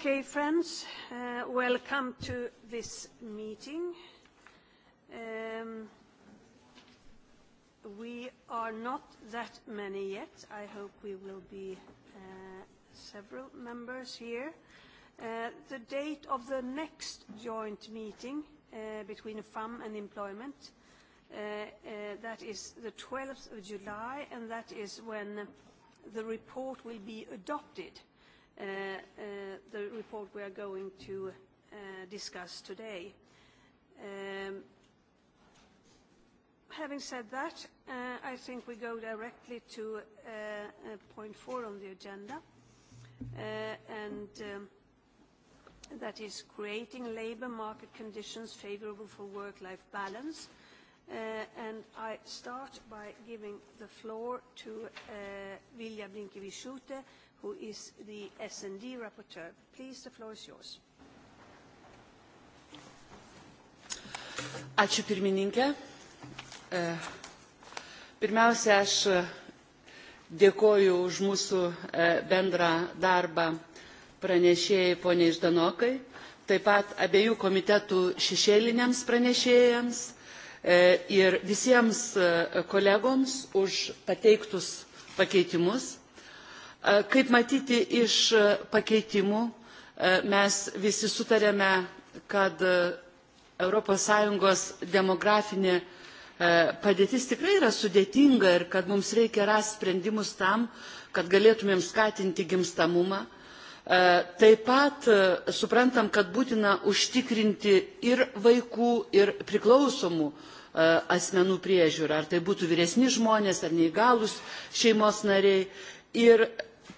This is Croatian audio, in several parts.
Okay, friends, uh, welcome to this meeting. Um, we are not that many yet. I hope we will be uh, several members here. Uh, the date of the next joint meeting between FAM and Employment, that is the 12th of July, and that is when the report will be adopted Uh, uh, the report we are going to uh, discuss today. Um, having said that, I think we go directly to point four on the agenda, and um, that is creating labor market conditions favorable for work-life balance. and I start by giving the floor to uh, Vilja Blinkevichute, who is the S&D rapporteur. Please, the floor is yours. Ačiū pirmininkė. E, pirmiausia, aš e, dėkoju už mūsų e, bendrą darbą pranešėjai poniai Ždanokai, taip pat abiejų komitetų šešėliniams pranešėjams ir visiems kolegoms už pateiktus pakeitimus E, kaip matyti iš e, pakeitimų, e, mes visi sutarėme, kad sąjungos demografinė padėtis tikrai yra sudėtinga ir kad mums reikia rasti sprendimus tam, kad galėtumėm skatinti gimstamumą. Taip pat suprantam, kad būtina užtikrinti ir vaikų, ir priklausomų asmenų priežiūrą, ar tai būtų vyresni žmonės, ar neįgalūs šeimos nariai ir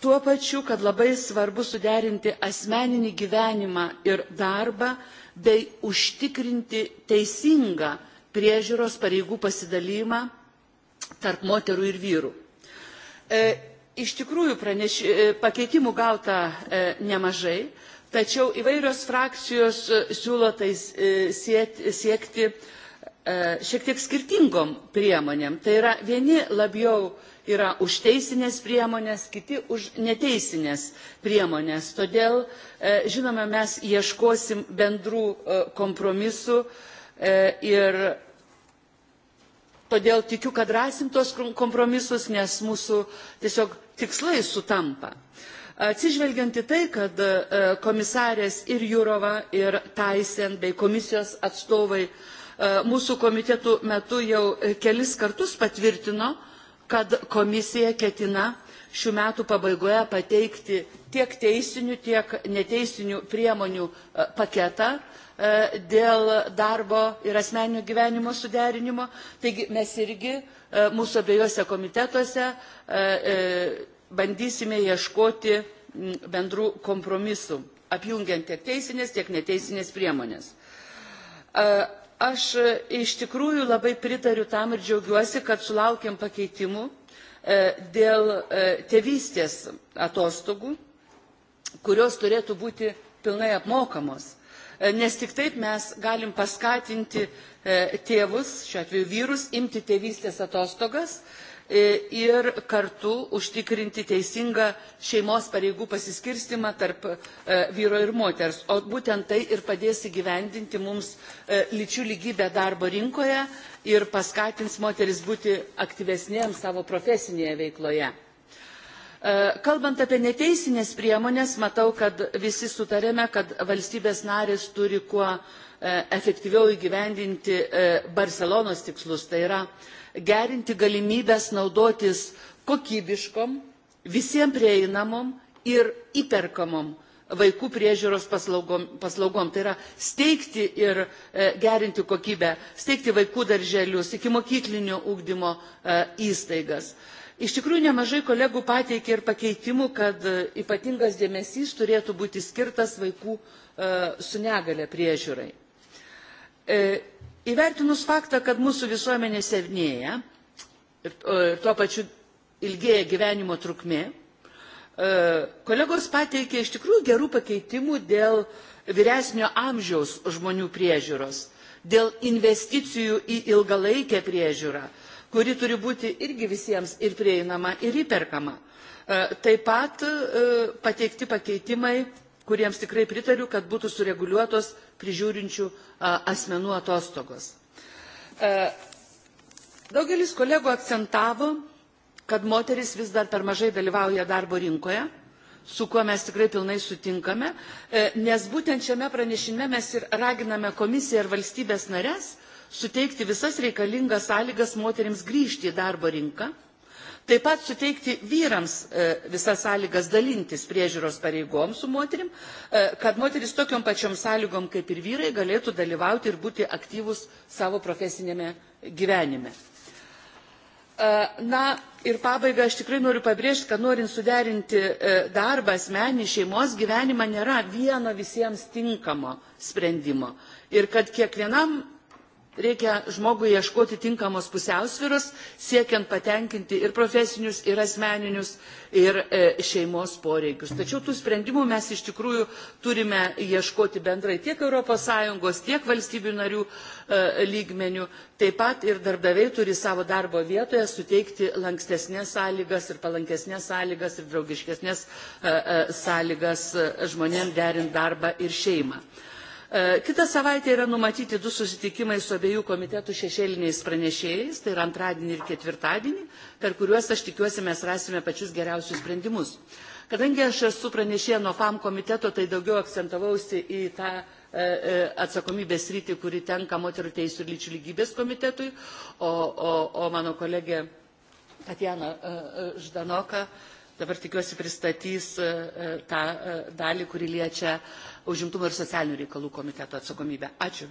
tuo pačiu kad labai svarbu suderinti asmeninį gyvenimą ir darbą bei užtikrinti teisingą priežiūros pareigų pasidalijimą tarp moterų ir vyrų. E, iš tikrųjų e, pakeitimų gauta e, nemažai, tačiau įvairios frakcijos e, siūlo tai siekti E, šiek tiek skirtingom priemonėm tai yra vieni labiau yra už teisines kiti už neteisinės priemonės. todėl e, žinoma mes ieškosim bendrų e, kompromisų ir todėl tikiu kad rasim tuos kompromisus nes mūsų tiesiog tikslai sutampa atsižvelgiant į tai kad komisarės ir jurova ir taisen bei komisijos atstovai E, mūsų komitetų metu jau kelis kartus patvirtino, kad komisija ketina šių metų pabaigoje pateikti tiek teisinių, tiek neteisinių priemonių e, paketą e, dėl darbo ir asmeninio gyvenimo suderinimo. Taigi mes irgi mūsų abiejose komitetuose bandysime ieškoti bendrų kompromisų, apjungiant tiek teisinės, tiek neteisinės priemonės aš e, iš tikrųjų labai pritariu tam ir džiaugiuosi kad sulaukėm pakeitimų e, dėl e, tėvystės atostogų kurios turėtų būti pilnai apmokamos nes tik taip mes galim paskatinti tėvus šiuo atveju vyrus imti tėvystės atostogas E, ir kartu užtikrinti teisingą šeimos pareigų pasiskirstymą tarp e, vyro ir moters. O būtent tai ir padės įgyvendinti mums e, lyčių lygybę darbo rinkoje ir paskatins moteris būti aktyvesnėms savo profesinėje veikloje kalbant apie neteisines priemones matau kad visi sutarėme kad valstybės narės turi kuo efektyviau įgyvendinti barselonos tikslus tai yra gerinti galimybės naudotis kokybiškom, visiems prieinamom ir įperkamom vaikų priežiūros paslaugom, Tai yra steigti ir e, gerinti kokybę, steigti vaikų darželius, iki mokyklinio ūkdymo e, įstaigas. Iš tikrųjų, nemažai kolegų pateikė ir pakeitimų, kad e, ypatingas dėmesys turėtų būti skirtas vaikų su negale priežiūrai įvertinus faktą kad mūsų visuomenė senėja ir e, tuo pačiu ilgėja gyvenimo trukmė e, kolegos pateikė iš tikrųjų gerų pakeitimų dėl vyresnio amžiaus žmonių priežiūros dėl investicijų į ilgalaikę priežiūrą kuri turi būti irgi visiems ir prieinama ir įperkama. E, taip pat pateikti pakeitimai, kuriems tikrai pritariu, kad būtų sureguliuotos prižiūrinčių asmenų atostogos. E, daugelis kolegų akcentavo, kad moteris vis dar per mažai dalyvauja darbo rinkoje, su kuo mes tikrai pilnai sutinkame, e, nes būtent šiame pranešime mes ir raginame komisiją ir valstybės nares suteikti visas reikalingas sąlygas moterims grįžti į darbo rinką taip pat suteikti vyrams e, visas sąlygas dalintis priežiūros pareigom su moterim, e, kad moteris tokiom pačiom sąlygom kaip ir vyrai galėtų dalyvauti ir būti aktyvus savo profesiniame gyvenime. E, na ir pabaigai aš tikrai noriu pabrėžti, kad norint suderinti darbą asmenį šeimos gyvenimą nėra vieno visiems tinkamo sprendimo. Ir kad kiekvienam reikia žmogui ieškoti tinkamos pusiausvyros, siekiant patenkinti ir profesinius, ir asmeninius, ir e, šeimos poreikius. Tačiau tų sprendimų mes iš tikrųjų turime ieškoti bendrai tiek ES, tiek valstybių narių e, lygmenių. Taip pat ir darbdaviai turi savo darbo vietoje suteikti lankstesnės sąlygas ir palankesnės sąlygas ir draugiškesnės e, sąlygas žmonėms derint darbą ir šeimą. E, kitą savaitę yra numatyti du susitikimai su abiejų komitetų šešėliniais pranešėjais tai yra antradienį ir ketvirtadienį per kuriuos aš tikiuosi mes rasime pačius geriausius sprendimus. kadangi aš esu pranešėja nuo fam komiteto tai daugiau akcentavausi į tą e, e, atsakomybės sritį kuri tenka moterų teisių ir lyčių lygybės komitetui o, mano kolegė tatjana ždanoka dabar tikiuosi pristatys e, e, tą e, dalį, kuri liečia užimtumo ir socialinių reikalų komiteto atsakomybę. Ačiū.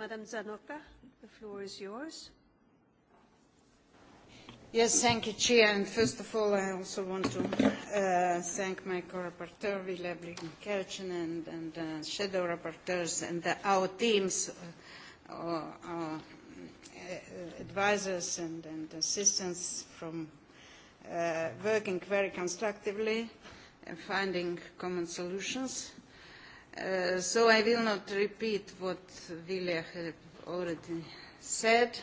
Madam Zanoka, the floor is yours. Yes, thank you, Chair. And first of all, I also want to uh, thank my co-rapporteur, Vila Blinkerchen, and, and uh, shadow rapporteurs, and the, our teams, uh, our uh, advisors and, and assistants from uh, working very constructively and finding common solutions. Uh, so I will not repeat what Vilja has already said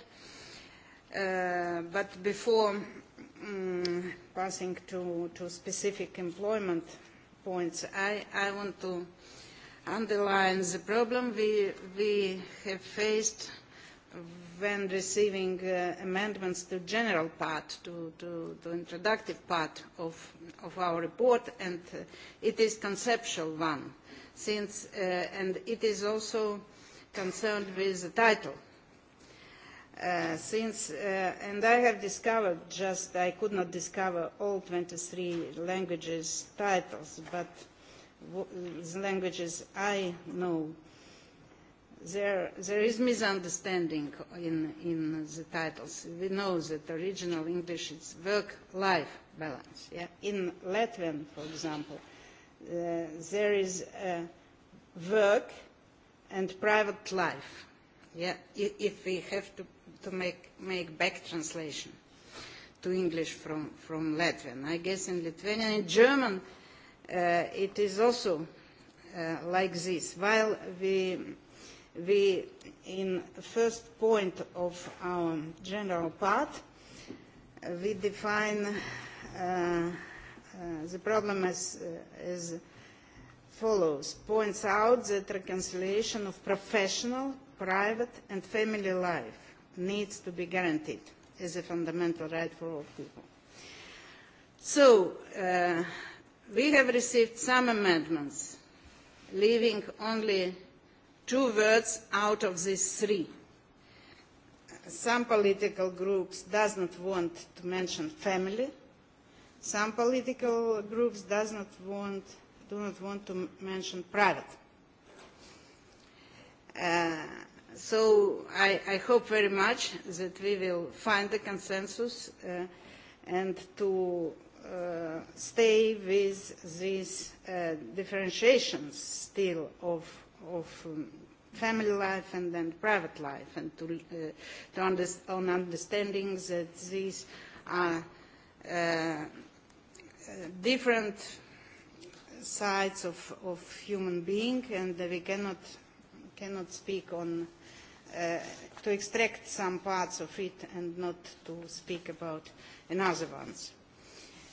Uh, but before mm, passing to, to specific employment points, I, I want to underline the problem we, we have faced when receiving uh, amendments to general part, to, to, to introductive part of, of our report, and uh, it is conceptual one, since, and it is also concerned with the title Uh, since uh, and I have discovered just I could not discover all 23 languages titles but the languages I know there there is misunderstanding in in the titles we know that original English is work life balance yeah in Latvian for example uh, there is uh, work and private life yeah if we have to to make, make back translation to English from, from Latvian. I guess in Lithuanian and German uh, it is also uh, like this. While we, we in first point of our general part, uh, we define uh, the problem as, as follows, points out that reconciliation of professional, private and family life needs to be guaranteed as a fundamental right for all people. So, uh, we have received some amendments, leaving only two words out of these three. Some political groups does not want to mention family. Some political groups does not want, do not want to mention private. Uh, so I, I hope very much that we will find a consensus uh, and to uh, stay with these uh, differentiations still of, of um, family life and then private life and to, uh, to on understanding that these are uh, uh, different sides of, of human being and that we cannot, cannot speak on Uh, to extract some parts of it and not to speak about another ones.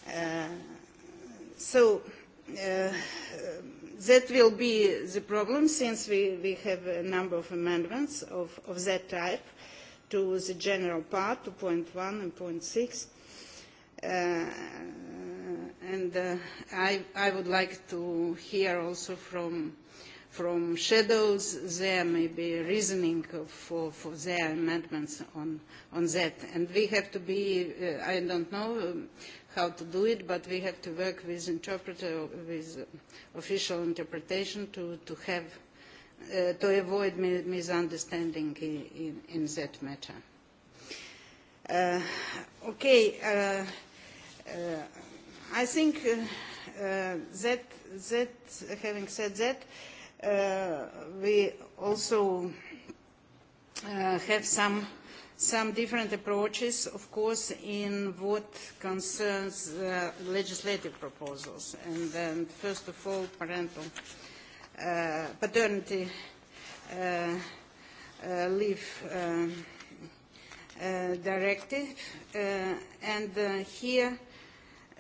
Uh, so uh, that will be the problem since we, we have a number of amendments of, of that type to the general part, to point one and point six. Uh, and I, I would like to hear also from from shadows there may be reasoning for, for their amendments on, on that. And we have to be, uh, I don't know um, how to do it, but we have to work with interpreter, with official interpretation to, to have, uh, to avoid misunderstanding in, in, in that matter. Uh, okay, uh, uh, I think uh, uh, that, that, having said that, Uh, we also uh, have some some different approaches, of course, in what concerns uh, legislative proposals. And then, first of all, parental uh, paternity uh, leave um, uh, directive. and here,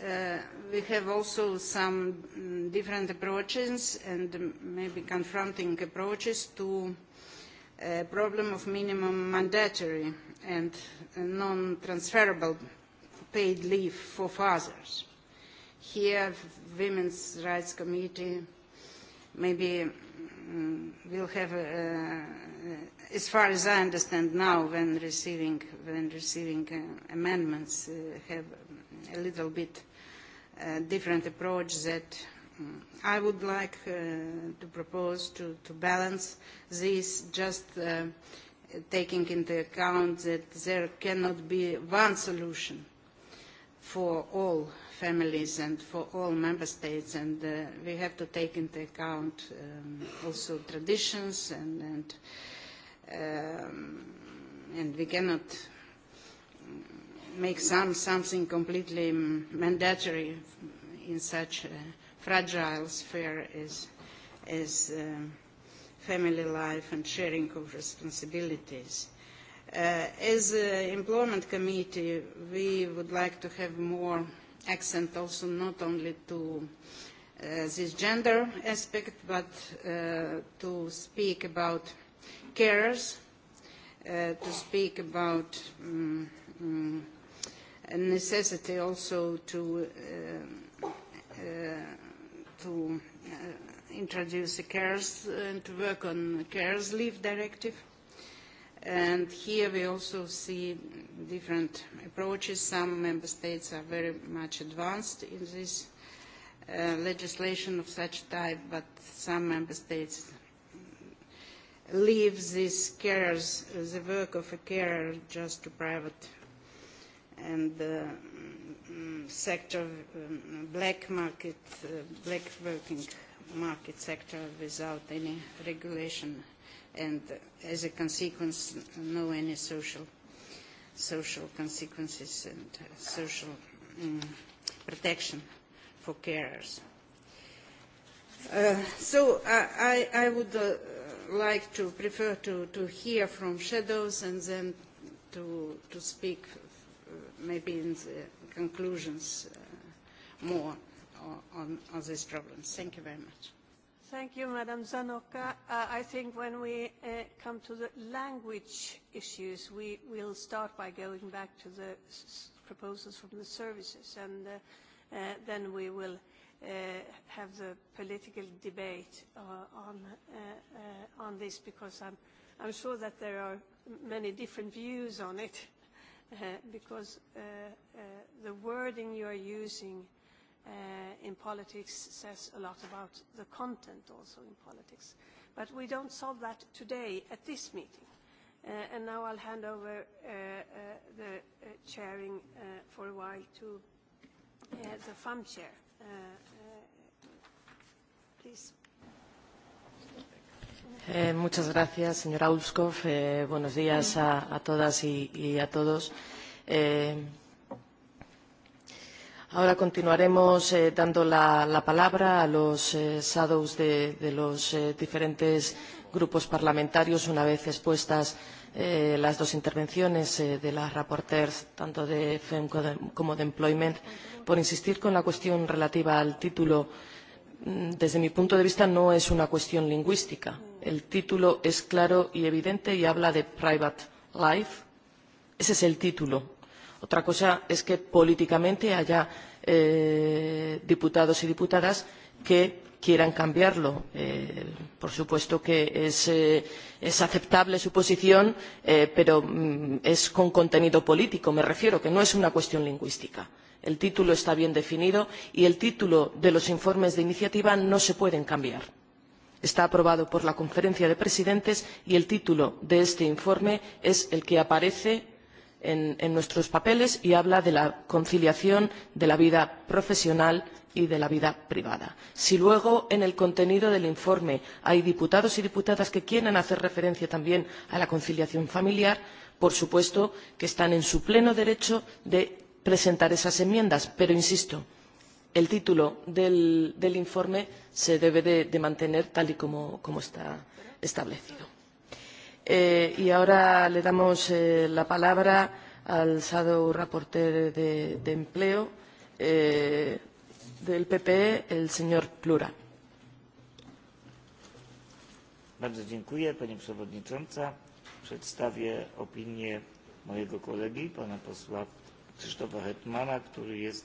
Uh, we have also some different approaches and maybe confronting approaches to a uh, problem of minimum mandatory and non-transferable paid leave for fathers. Here, Women's Rights Committee maybe mm, will have, as far as I understand now, when receiving, when receiving uh, amendments, have a little bit uh, different approach that mm, I would like uh, to propose to, to balance this just uh, taking into account that there cannot be one solution for all families and for all member states and uh, we have to take into account um, also traditions and, and, um, and we cannot make some, something completely mandatory in such a fragile sphere as, as um, family life and sharing of responsibilities. Uh, as the employment committee, we would like to have more accent also not only to uh, this gender aspect, but uh, to speak about carers, to speak about um, necessity also to uh, uh, uh, introduce a cares and to work on the cares leave directive and here we also see different approaches some member states are very much advanced in this legislation of such type but some member states leave this cares the work of a carer just to private and the mm, mm, sector, mm, black market, uh, black working market sector without any regulation and uh, as a consequence no any social social consequences and uh, social protection for carers. Uh, so I, I would uh, like to prefer to, to hear from shadows and then to, to speak Uh, maybe in the conclusions uh, more on, on these problems. Thank you very much. Thank you, Madam Zanoka. Uh, I think when we uh, come to the language issues, we will start by going back to the proposals from the services, and uh, uh then we will have the political debate on, on this, because I'm, I'm sure that there are many different views on it. Uh, because uh, uh, the wording you are using in politics says a lot about the content also in politics. But we don't solve that today at this meeting. Uh, and now I'll hand over uh, uh, the chairing for a while to the FAM chair. Please. Eh, muchas gracias, señora Ulskov. Eh, buenos días a, a todas y, a todos. Eh, ahora continuaremos eh, dando la, la palabra a los eh, shadows de, de los eh, diferentes grupos parlamentarios una vez expuestas las dos intervenciones de las rapporteurs, tanto de FEM como de Employment. Por insistir con la cuestión relativa al título, mm, desde mi punto de vista no es una cuestión lingüística el título es claro y evidente y habla de private life ese es el título otra cosa es que políticamente haya eh, diputados y diputadas que quieran cambiarlo eh, por supuesto que es, eh, aceptable su posición eh, pero mm, es con contenido político me refiero que no es una cuestión lingüística el título está bien definido y el título de los informes de iniciativa no se pueden cambiar está aprobado por la conferencia de presidentes y el título de este informe es el que aparece en, nuestros papeles y habla de la conciliación de la vida profesional y de la vida privada. si luego en el contenido del informe hay diputados y diputadas que quieren hacer referencia también a la conciliación familiar por supuesto que están en su pleno derecho de presentar esas enmiendas pero insisto el título del, informe se debe de, mantener tal y como, está establecido. Eh, y ahora le damos eh, la palabra al shadow rapporteur de, de empleo eh, del PPE, el señor Plura. Bardzo dziękuję, Pani Przewodnicząca. Przedstawię opinię mojego kolegi, pana posła Krzysztofa Hetmana, który jest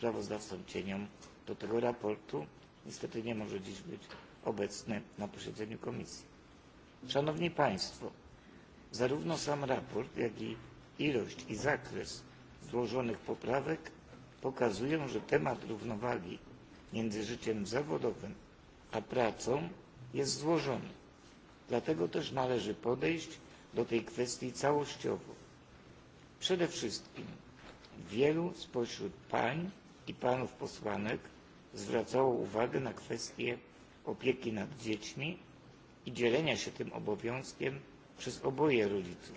sprawozdawcą cieniom do tego raportu. Niestety nie może dziś być obecny na posiedzeniu komisji. Szanowni Państwo, zarówno sam raport, jak i ilość i zakres złożonych poprawek pokazują, że temat równowagi między życiem zawodowym a pracą jest złożony. Dlatego też należy podejść do tej kwestii całościowo. Przede wszystkim wielu spośród pań i panów posłanek zwracało uwagę na kwestię opieki nad dziećmi i dzielenia się tym obowiązkiem przez oboje rodziców.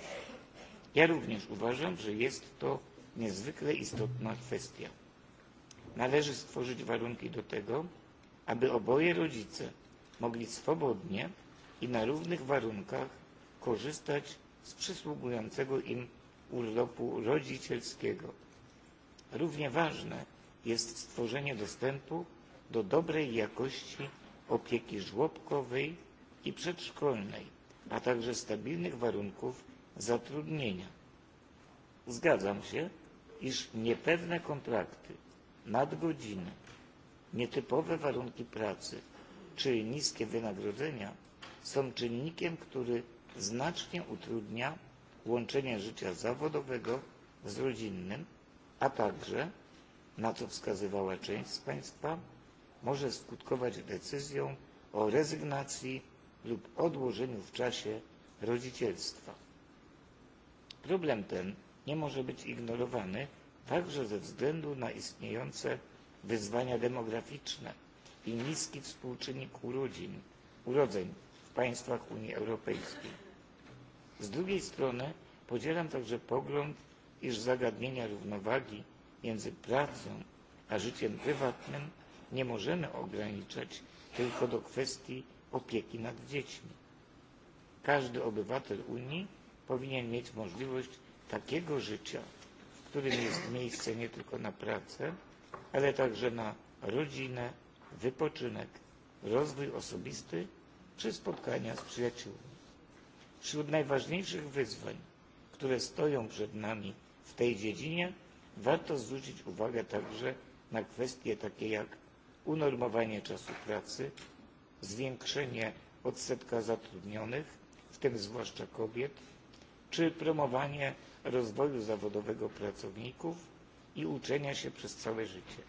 Ja również uważam, że jest to niezwykle istotna kwestia. Należy stworzyć warunki do tego, aby oboje rodzice mogli swobodnie i na równych warunkach korzystać z przysługującego im urlopu rodzicielskiego. Równie ważne jest stworzenie dostępu do dobrej jakości opieki żłobkowej i przedszkolnej, a także stabilnych warunków zatrudnienia. Zgadzam się, iż niepewne kontrakty, nadgodziny, nietypowe warunki pracy czy niskie wynagrodzenia są czynnikiem, który znacznie utrudnia łączenie życia zawodowego z rodzinnym, a także na to wskazywała część z Państwa, może skutkować decyzją o rezygnacji lub odłożeniu w czasie rodzicielstwa. Problem ten nie może być ignorowany także ze względu na istniejące wyzwania demograficzne i niski współczynnik urodzin, urodzeń w państwach Unii Europejskiej. Z drugiej strony podzielam także pogląd, iż zagadnienia równowagi między pracą a życiem prywatnym nie możemy ograniczać tylko do kwestii opieki nad dziećmi. Każdy obywatel Unii powinien mieć możliwość takiego życia, w którym jest miejsce nie tylko na pracę, ale także na rodzinę, wypoczynek, rozwój osobisty czy spotkania z przyjaciółmi. Wśród najważniejszych wyzwań, które stoją przed nami w tej dziedzinie Warto zwrócić uwagę także na kwestie takie jak unormowanie czasu pracy, zwiększenie odsetka zatrudnionych, w tym zwłaszcza kobiet, czy promowanie rozwoju zawodowego pracowników i uczenia się przez całe życie.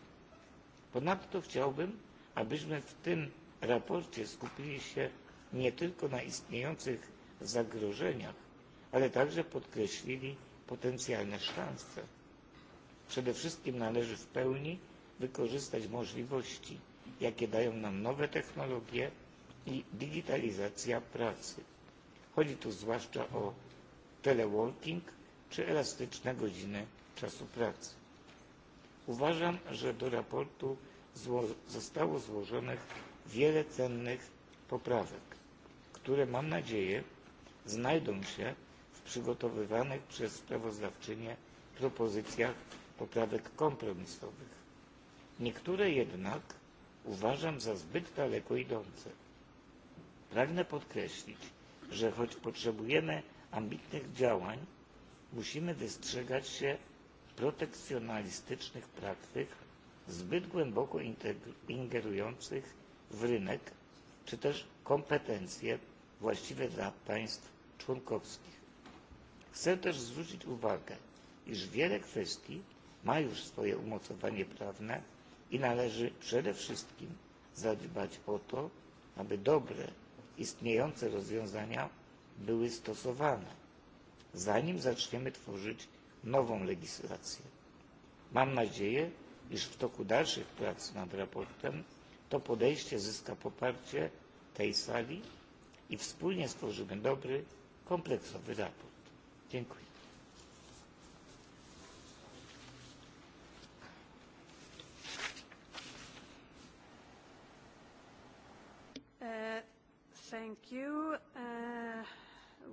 Ponadto chciałbym, abyśmy w tym raporcie skupili się nie tylko na istniejących zagrożeniach, ale także podkreślili potencjalne szanse Przede wszystkim należy w pełni wykorzystać możliwości, jakie dają nam nowe technologie i digitalizacja pracy. Chodzi tu zwłaszcza o teleworking czy elastyczne godziny czasu pracy. Uważam, że do raportu zostało złożonych wiele cennych poprawek, które mam nadzieję znajdą się w przygotowywanych przez sprawozdawczynię propozycjach poprawek kompromisowych. Niektóre jednak uważam za zbyt daleko idące. Pragnę podkreślić, że choć potrzebujemy ambitnych działań, musimy wystrzegać się protekcjonalistycznych praktyk zbyt głęboko ingerujących w rynek czy też kompetencje właściwe dla państw członkowskich. Chcę też zwrócić uwagę, iż wiele kwestii ma już swoje umocowanie prawne i należy przede wszystkim zadbać o to, aby dobre, istniejące rozwiązania były stosowane, zanim zaczniemy tworzyć nową legislację. Mam nadzieję, iż w toku dalszych prac nad raportem to podejście zyska poparcie tej sali i wspólnie stworzymy dobry, kompleksowy raport. Dziękuję. Thank you. Uh,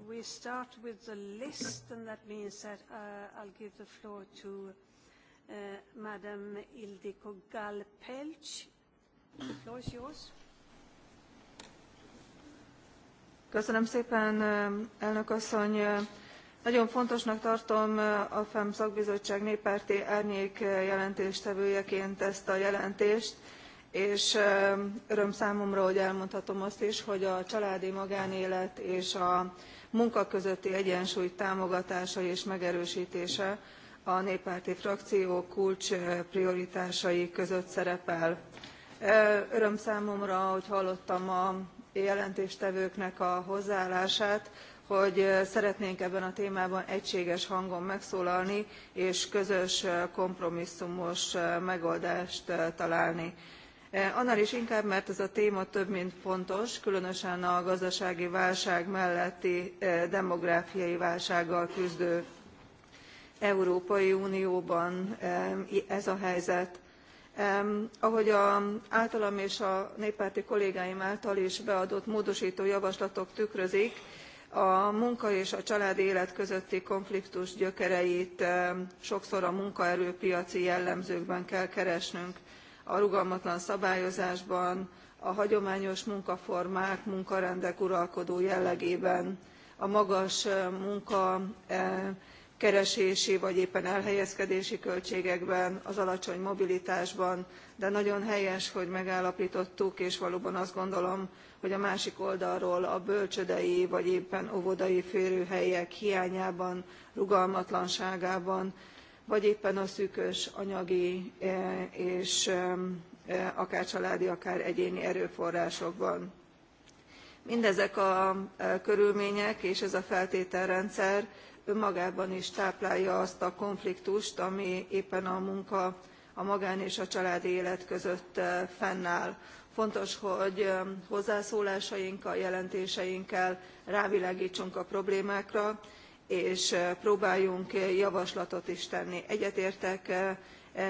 we start with the list, and that means that uh, I'll give the floor to uh, Madam Ildikó Galpelch. The floor is yours. Köszönöm szépen, um, elnök asszony. Nagyon fontosnak tartom uh, a FEM szakbizottság néppárti árnyék uh, jelentéstevőjeként ezt a jelentést és öröm számomra hogy elmondhatom azt is hogy a családi magánélet és a munka közötti egyensúly támogatása és megerőstése a néppárti frakció kulcsprioritásai között szerepel. öröm számomra hogy hallottam a jelentéstevőknek a hozzáállását hogy szeretnénk ebben a témában egységes hangon megszólalni és közös kompromisszumos megoldást találni. Eh, annál is inkább mert ez a téma több mint pontos, különösen a gazdasági válság melletti eh, demográfiai válsággal küzdő európai unióban eh, ez a helyzet. ahogy az általam és a néppárti kollégáim által is beadott módostó javaslatok tükrözik a munka és a családi élet közötti konfliktus gyökereit sokszor a munkaerőpiaci jellemzőkben kell keresnünk a rugalmatlan szabályozásban a hagyományos munkaformák munkarendek uralkodó jellegében a magas munka keresési vagy éppen elhelyezkedési költségekben az alacsony mobilitásban de nagyon helyes hogy megállapítottuk, és valóban azt gondolom hogy a másik oldalról a bölcsödei vagy éppen óvodai férőhelyek hiányában rugalmatlanságában vagy éppen a szűkös anyagi e, és e, e, akár családi akár egyéni erőforrásokban. mindezek a körülmények és ez a feltételrendszer önmagában is táplálja azt a konfliktust ami éppen a munka a magán és a családi élet között fennáll. fontos hogy hozzászólásainkkal jelentéseinkkel rávilágítsunk a problémákra és eh, próbáljunk eh, javaslatot is tenni. egyetértek eh,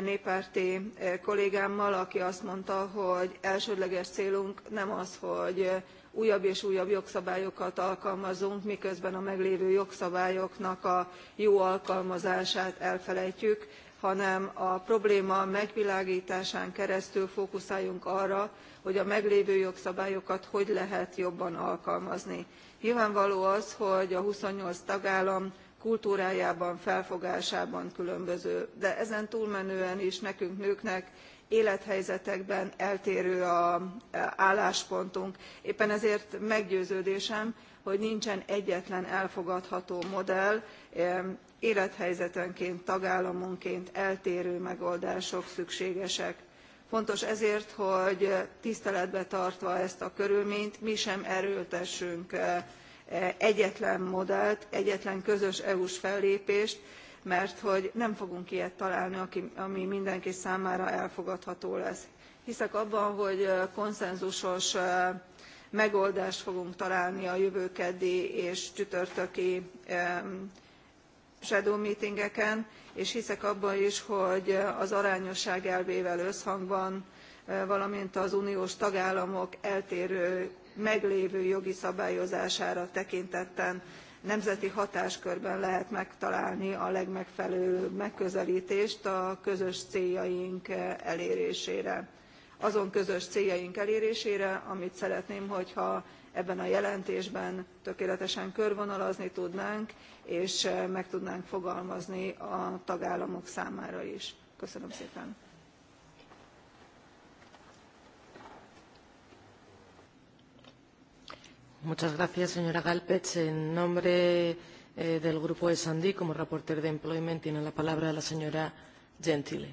néppárti kollégámmal aki azt mondta hogy elsődleges célunk nem az hogy újabb és újabb jogszabályokat alkalmazunk miközben a meglévő jogszabályoknak a jó alkalmazását elfelejtjük hanem a probléma megvilágtásán keresztül fókuszáljunk arra hogy a meglévő jogszabályokat hogy lehet jobban alkalmazni. nyilvánvaló az hogy a twenty eight tagállam kultúrájában felfogásában különböző de ezen túlmenően is nekünk nőknek élethelyzetekben eltérő az álláspontunk éppen ezért meggyőződésem hogy nincsen egyetlen elfogadható modell élethelyzetenként tagállamonként eltérő megoldások szükségesek. fontos ezért hogy tiszteletbe tartva ezt a körülményt mi sem erőltessünk eh, egyetlen modellt egyetlen közös eu s fellépést mert hogy nem fogunk ilyet találni ami mindenki számára elfogadható lesz. hiszek abban hogy eh, konszenzusos eh, megoldást fogunk találni a jövő keddi és csütörtöki shadow meetingeken és hiszek abban is hogy az arányosság elvével összhangban valamint az uniós tagállamok eltérő meglévő jogi szabályozására tekintetten nemzeti hatáskörben lehet megtalálni a legmegfelelőbb megközeltést a közös céljaink elérésére azon közös céljaink elérésére amit szeretném hogyha ebben a jelentésben tökéletesen körvonalazni tudnánk és eh, meg tudnánk fogalmazni a tagállamok számára is. köszönöm szépen! Muchas gracias, señora Galpech. En nombre eh, del Grupo de Sandí, como reporter de Employment, tiene la palabra la señora Gentile.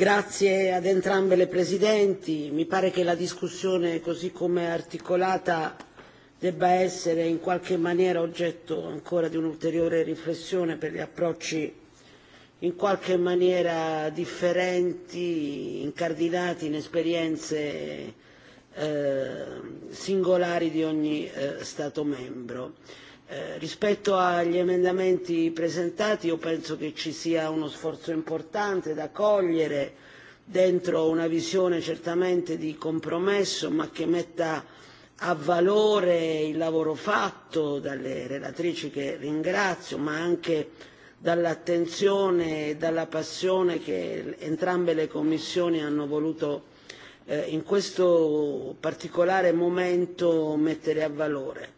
Grazie ad entrambe le presidenti, mi pare che la discussione così come articolata debba essere in qualche maniera oggetto ancora di un'ulteriore riflessione per gli approcci in qualche maniera differenti, incardinati in esperienze eh, singolari di ogni eh, Stato membro. Eh, rispetto agli emendamenti presentati io penso che ci sia uno sforzo importante da cogliere dentro una visione certamente di compromesso ma che metta a valore il lavoro fatto dalle relatrici che ringrazio ma anche dall'attenzione e dalla passione che entrambe le commissioni hanno voluto eh, in questo particolare momento mettere a valore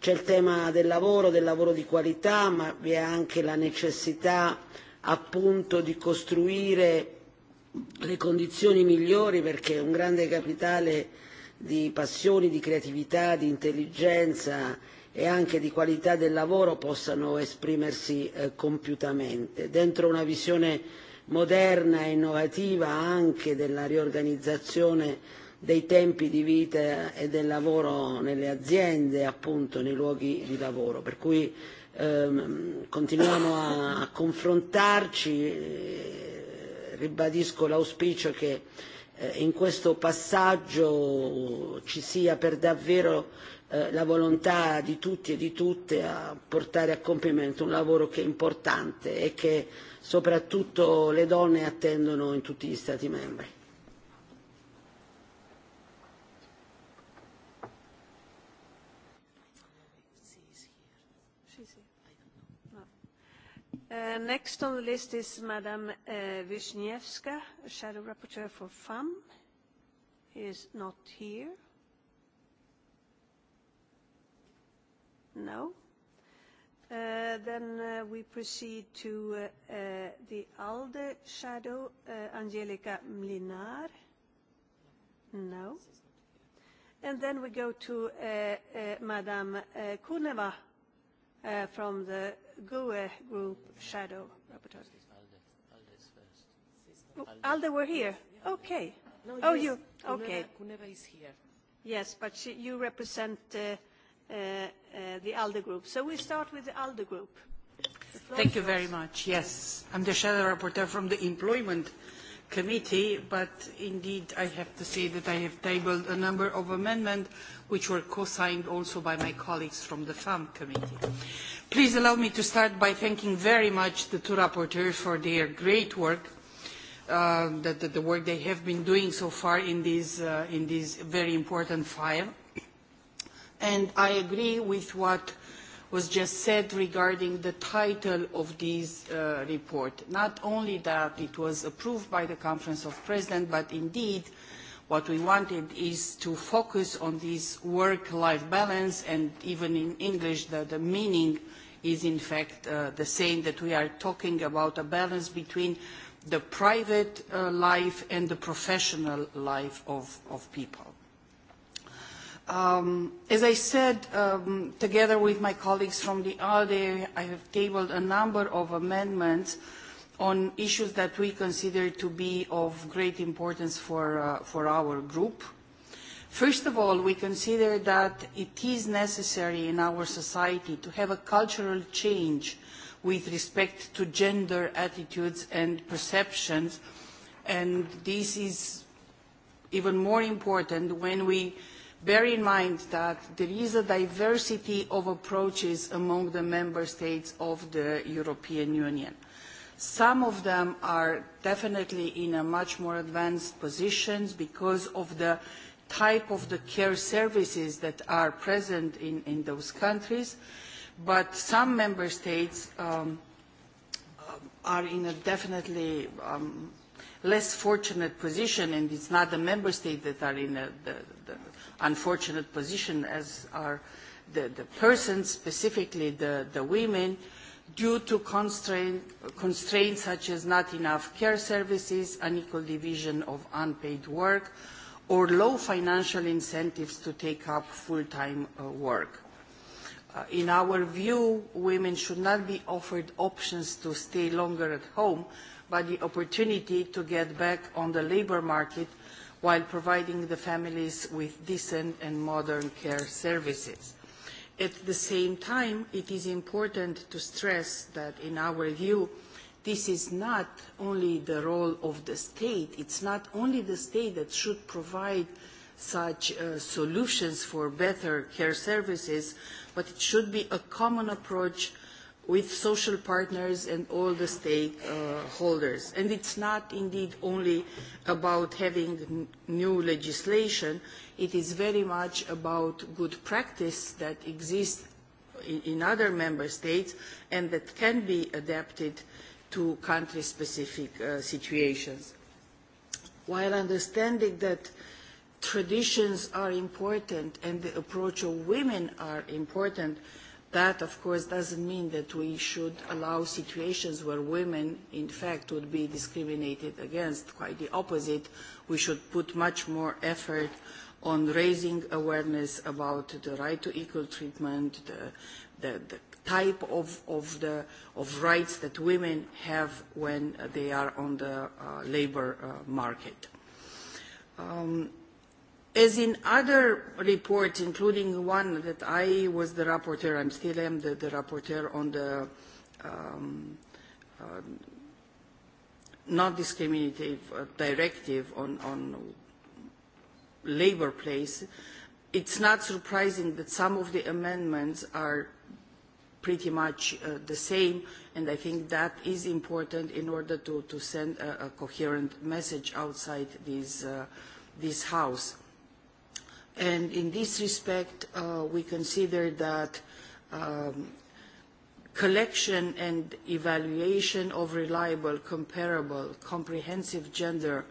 c'è il tema del lavoro del lavoro di qualità ma vi è anche la necessità appunto di costruire le condizioni migliori perché un grande capitale di passioni di creatività di intelligenza e anche di qualità del lavoro possano esprimersi eh, compiutamente dentro una visione moderna e innovativa anche della riorganizzazione dei tempi di vita e del lavoro nelle aziende, appunto nei luoghi di lavoro. Per cui ehm, continuiamo a, confrontarci, eh, ribadisco l'auspicio che eh, in questo passaggio ci sia per davvero eh, la volontà di tutti e di tutte a portare a compimento un lavoro che è importante e che soprattutto le donne attendono in tutti gli Stati membri. Uh, next on the list is Madam uh, Wisniewska, Shadow Rapporteur for FAM. He is not here. No. Uh, then we proceed to the ALDE Shadow, Angelika Mlinar. No. And then we go to Madam Kuneva uh, from the GUE Group Shadow Rapporteur. Alde were here? Okay. No, oh, yes. you? Okay. Kuneva is here. Yes, but she, you represent uh, uh, uh, the ALDE group. So we start with the ALDE group. The Thank you very much. Yes, I'm the shadow rapporteur from the employment committee, but indeed I have to say that I have tabled a number of amendments which were co-signed also by my colleagues from the FAM committee. Please allow me to start by thanking very much the two rapporteurs for their great work, uh, the, work they have been doing so far in this, uh, in this very important file. And I agree with what was just said regarding the title of this uh, report. Not only that it was approved by the Conference of Presidents, but indeed what we wanted is to focus on this work-life balance and even in English the, the meaning is in fact uh, the same that we are talking about a balance between the private uh, life and the professional life of, of people. Um, as I said, um, together with my colleagues from the ALDE, I have tabled a number of amendments on issues that we consider to be of great importance for, uh, for our group. First of all, we consider that it is necessary in our society to have a cultural change with respect to gender attitudes and perceptions, and this is even more important when we bear in mind that there is a diversity of approaches among the member states of the European Union. Some of them are definitely in a much more advanced position because of the type of the care services that are present in, in those countries, but some member states um, uh, are in a definitely um, less fortunate position, and it's not the member states that are in a, the, unfortunate position as are the, the persons, specifically the, the women, due to constraints such as not enough care services, unequal division of unpaid work, or low financial incentives to take up full-time uh, work. Uh, in our view, women should not be offered options to stay longer at home, but the opportunity to get back on the labor market while providing the families with decent and modern care services. At the same time, it is important to stress that, in our view, this is not only the role of the state. It's not only the state that should provide such uh, solutions for better care services, but it should be a common approach with social partners and all the stakeholders. And it's not indeed only about having new legislation, it is very much about good practice that exists in other member states and that can be adapted to country-specific uh, situations. While understanding that traditions are important and the approach of women are important, That, of course, doesn't mean that we should allow situations where women, in fact, would be discriminated against. Quite the opposite. We should put much more effort on raising awareness about the right to equal treatment, the, the, the type of, of, the, of rights that women have when they are on the uh, labor uh, market. Um, As in other reports, including one that I was the rapporteur, I still am the, the rapporteur on the um, um non-discriminative uh, directive on, on labor place, it's not surprising that some of the amendments are pretty much uh, the same, and I think that is important in order to, to send a, a coherent message outside these, uh, this house And in this respect, uh, we consider that um, collection and evaluation of reliable, comparable, comprehensive gender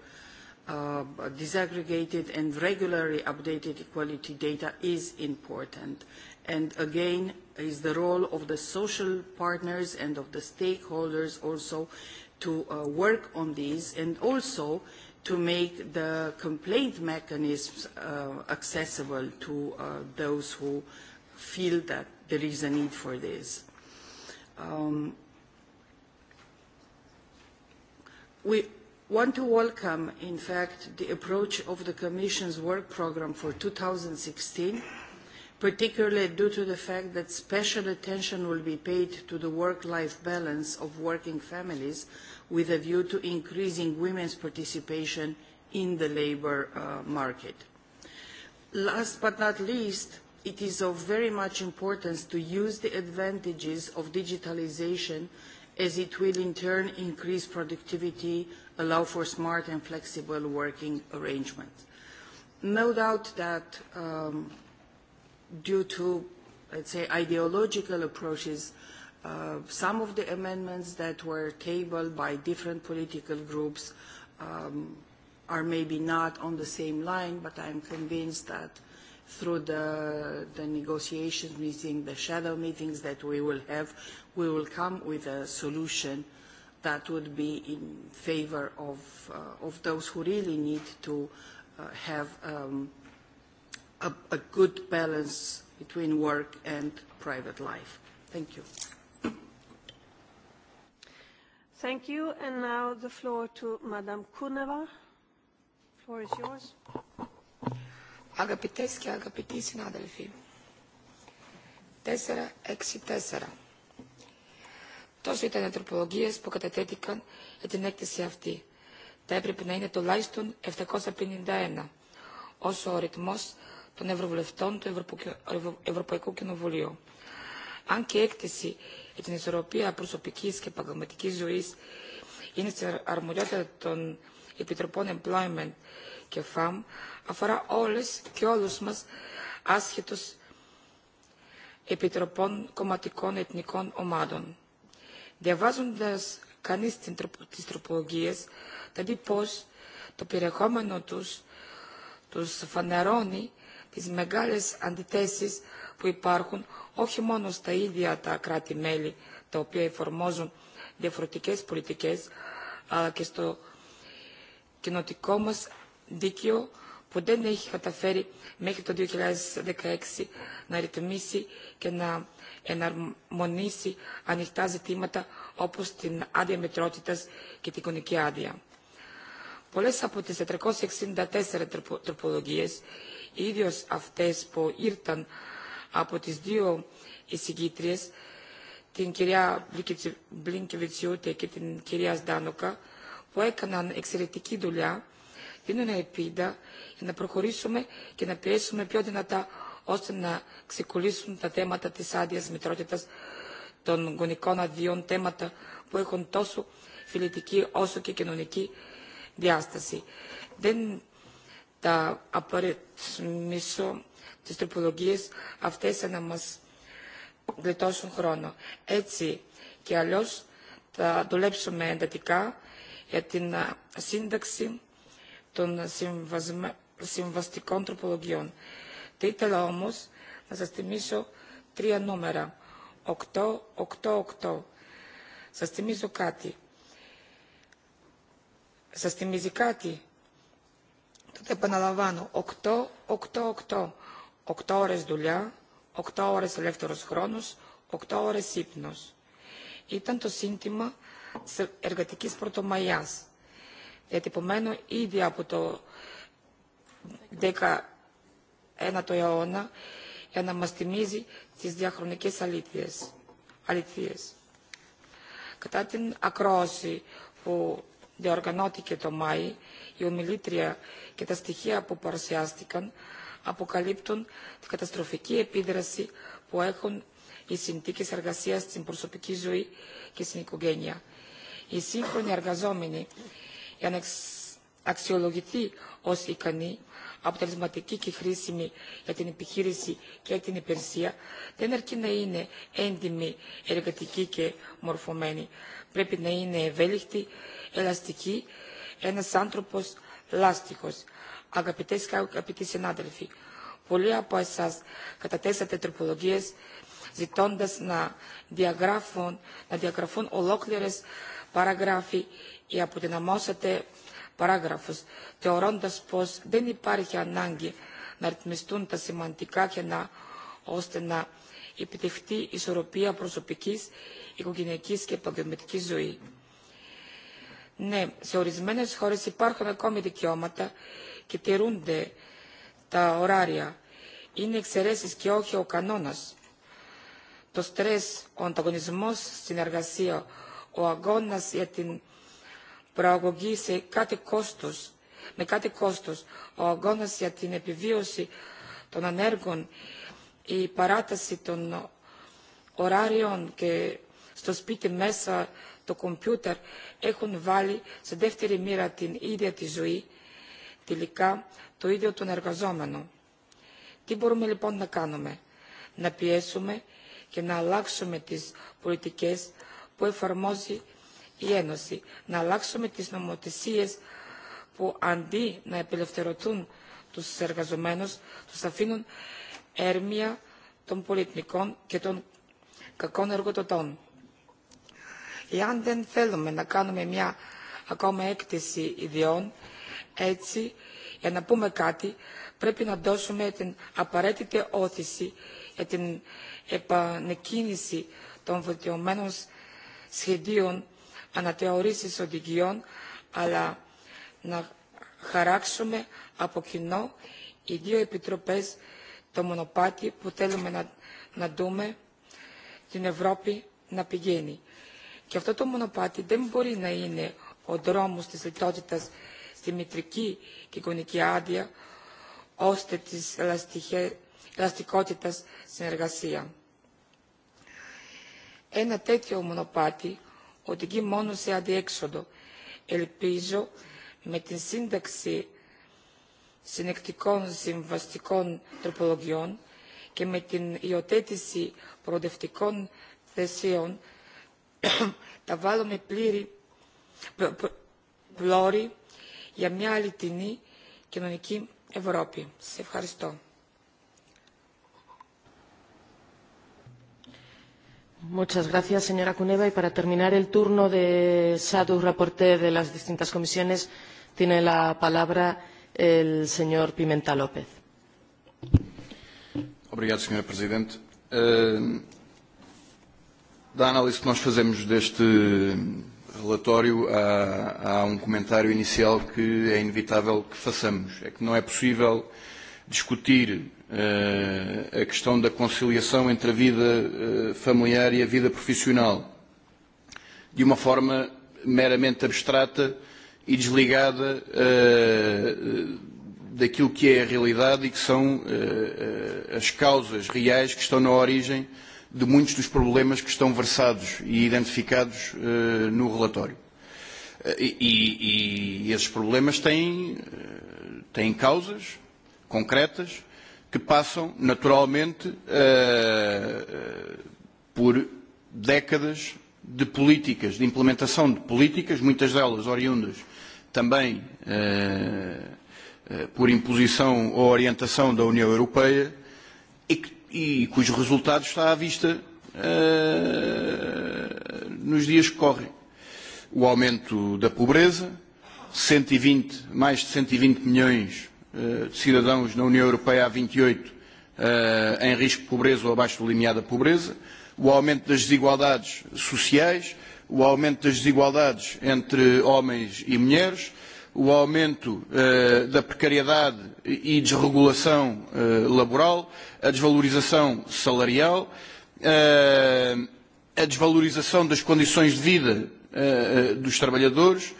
uh, disaggregated and regularly updated equality data is important and again is the role of the social partners and of the stakeholders also to uh, work on this and also to make the complaint mechanisms uh, accessible to uh, those who feel that there is a need for this. Um, we want to welcome, in fact, the approach of the Commission's work program for 2016, particularly due to the fact that special attention will be paid to the work-life balance of working families with a view to increasing women's participation in the labour uh, market. Last but not least, it is of very much importance to use the advantages of digitalization as it will in turn increase productivity, allow for smart and flexible working arrangements. No doubt that um, due to, let's say, ideological approaches Uh, some of the amendments that were tabled by different political groups um, are maybe not on the same line, but I am convinced that through the, the negotiations meeting, the shadow meetings that we will have, we will come with a solution that would be in favor of, uh, of those who really need to uh, have um, a, a good balance between work and private life. Thank you. Thank you. And now the floor to Madam Kuneva. Floor is yours. Αγαπητές agapiti, sinadelfi. 4.6.4. exi 6 Τόσο ήταν οι τροπολογίες που κατατέθηκαν για την έκθεση αυτή. Θα έπρεπε να είναι τουλάχιστον 751, όσο ο των αν και η έκθεση για την ισορροπία προσωπικής και επαγγελματικής ζωής είναι στην αρμοδιότητα των Επιτροπών Employment και FAM, αφορά όλες και όλους μας άσχετος επιτροπών κομματικών εθνικών ομάδων. Διαβάζοντας κανείς τις τροπολογίες, θα δει πως το περιεχόμενο τους τους φανερώνει τις μεγάλες αντιθέσεις που υπάρχουν όχι μόνο στα ίδια τα κράτη-μέλη τα οποία εφαρμόζουν διαφορετικές πολιτικές αλλά και στο κοινοτικό μας δίκαιο που δεν έχει καταφέρει μέχρι το 2016 να ρυθμίσει και να εναρμονίσει ανοιχτά ζητήματα όπως την άδεια μετρότητας και την κονική άδεια. Πολλές από τις 464 τροπολογίες, ίδιος αυτές που ήρθαν από τις δύο εισηγήτριες, την κυρία Μπλίνκεβιτσιούτε και την κυρία Σντάνοκα, που έκαναν εξαιρετική δουλειά, δίνουν ελπίδα για να προχωρήσουμε και να πιέσουμε πιο δυνατά ώστε να ξεκολλήσουν τα θέματα της άδειας μητρότητας των γονικών αδειών, θέματα που έχουν τόσο φιλετική όσο και κοινωνική διάσταση. Δεν τα απορριθμίσω Τη τροπολογίες αυτές να μας γλιτώσουν χρόνο. Έτσι και αλλιώς θα δουλέψουμε εντατικά για την σύνταξη των συμβαστικών τροπολογιών. Θα ήθελα όμως να σας θυμίσω τρία νούμερα. 8-8-8. Σας θυμίζω κάτι. Σας θυμίζει κάτι. Τότε επαναλαμβάνω. 8-8-8. Οκτώ ώρες δουλειά, 8 ώρες ελεύθερος χρόνος, 8 ώρες ύπνος. Ήταν το σύνθημα της εργατικής πρωτομαγιάς. Διατυπωμένο ήδη από το 19ο αιώνα για να μας θυμίζει τις διαχρονικές αλήθειες. αλήθειες. Κατά την ακρόαση που διοργανώθηκε το Μάη, η ομιλήτρια και τα στοιχεία που παρουσιάστηκαν αποκαλύπτουν την καταστροφική επίδραση που έχουν οι συνθήκε εργασία στην προσωπική ζωή και στην οικογένεια. Οι σύγχρονοι εργαζόμενοι, για να αξιολογηθεί ω ικανοί, αποτελεσματικοί και χρήσιμοι για την επιχείρηση και την υπηρεσία, δεν αρκεί να είναι έντιμοι, εργατικοί και μορφωμένοι. Πρέπει να είναι ευέλικτοι, ελαστικοί, ένα άνθρωπο λάστιχο αγαπητές και αγαπητοί συνάδελφοι, πολλοί από εσάς κατατέσατε τροπολογίες ζητώντας να διαγράφουν, να διαγραφούν ολόκληρες παραγράφοι ή αποδυναμώσατε παράγραφους, θεωρώντας πως δεν υπάρχει ανάγκη να ρυθμιστούν τα σημαντικά κενά ώστε να επιτευχθεί ισορροπία προσωπικής, οικογενειακής και επαγγελματικής ζωή. Ναι, σε ορισμένες χώρες υπάρχουν ακόμη δικαιώματα je runde ta oraria innik se resis ki to stres on tako nimos sin energigaijo ogonas jetin pragogi se ka koto ne ka kostu o gonos ja ti ne bivioši i paratasi to orarion ke stos spiti mesa to kompjuter ehhun valis daili mirati idejati ži τελικά το ίδιο τον εργαζόμενο. Τι μπορούμε λοιπόν να κάνουμε. Να πιέσουμε και να αλλάξουμε τις πολιτικές που εφαρμόζει η Ένωση. Να αλλάξουμε τις νομοθεσίες που αντί να επελευθερωθούν τους εργαζομένους, τους αφήνουν έρμια των πολιτικών και των κακών εργοδοτών. Εάν δεν θέλουμε να κάνουμε μια ακόμα έκθεση ιδιών, έτσι Για να πούμε κάτι, πρέπει να δώσουμε την απαραίτητη όθηση για την επανεκκίνηση των βελτιωμένων σχεδίων αναθεωρήσεις οδηγιών, αλλά να χαράξουμε από κοινό οι δύο επιτροπές το μονοπάτι που θέλουμε να, να δούμε την Ευρώπη να πηγαίνει. Και αυτό το μονοπάτι δεν μπορεί να είναι ο δρόμος της λιτότητας στη μητρική και εικονική άδεια, ώστε της ελαστικότητας συνεργασία. Ένα τέτοιο μονοπάτι οδηγεί μόνο σε αντιέξοδο. Ελπίζω με την σύνταξη συνεκτικών συμβαστικών τροπολογιών και με την υιοθέτηση προοδευτικών θεσίων τα βάλουμε πλήρη, πλώρη για μια αληθινή κοινωνική Ευρώπη. Σε ευχαριστώ. Muchas gracias, señora Cuneva. Y para terminar el turno de Sadu, reporte de las distintas comisiones, tiene la palabra el señor Pimenta López. Obrigado, señor Presidente. Uh, da análise que nós fazemos deste, relatório há, há um comentário inicial que é inevitável que façamos. É que não é possível discutir uh, a questão da conciliação entre a vida eh, familiar e a vida profissional de uma forma meramente abstrata e desligada uh, daquilo que é a realidade e que são as causas reais que estão na origem de muitos dos problemas que estão versados e identificados eh, no relatório. Eh, e, e, e esses problemas têm, eh, têm causas concretas que passam naturalmente por décadas de políticas, de implementação de políticas, muitas delas oriundas também por imposição ou orientação da União Europeia, e que e cujo resultado está à vista uh, nos dias que correm. O aumento da pobreza, 120, e mais de 120 e milhões uh, de cidadãos na União Europeia há 28 uh, e eh, em risco de pobreza ou abaixo do limiar da pobreza, o aumento das desigualdades sociais, o aumento das desigualdades entre homens e mulheres, o aumento eh, da precariedade e desregulação eh, laboral, a desvalorização salarial, eh, a desvalorização das condições de vida dos trabalhadores,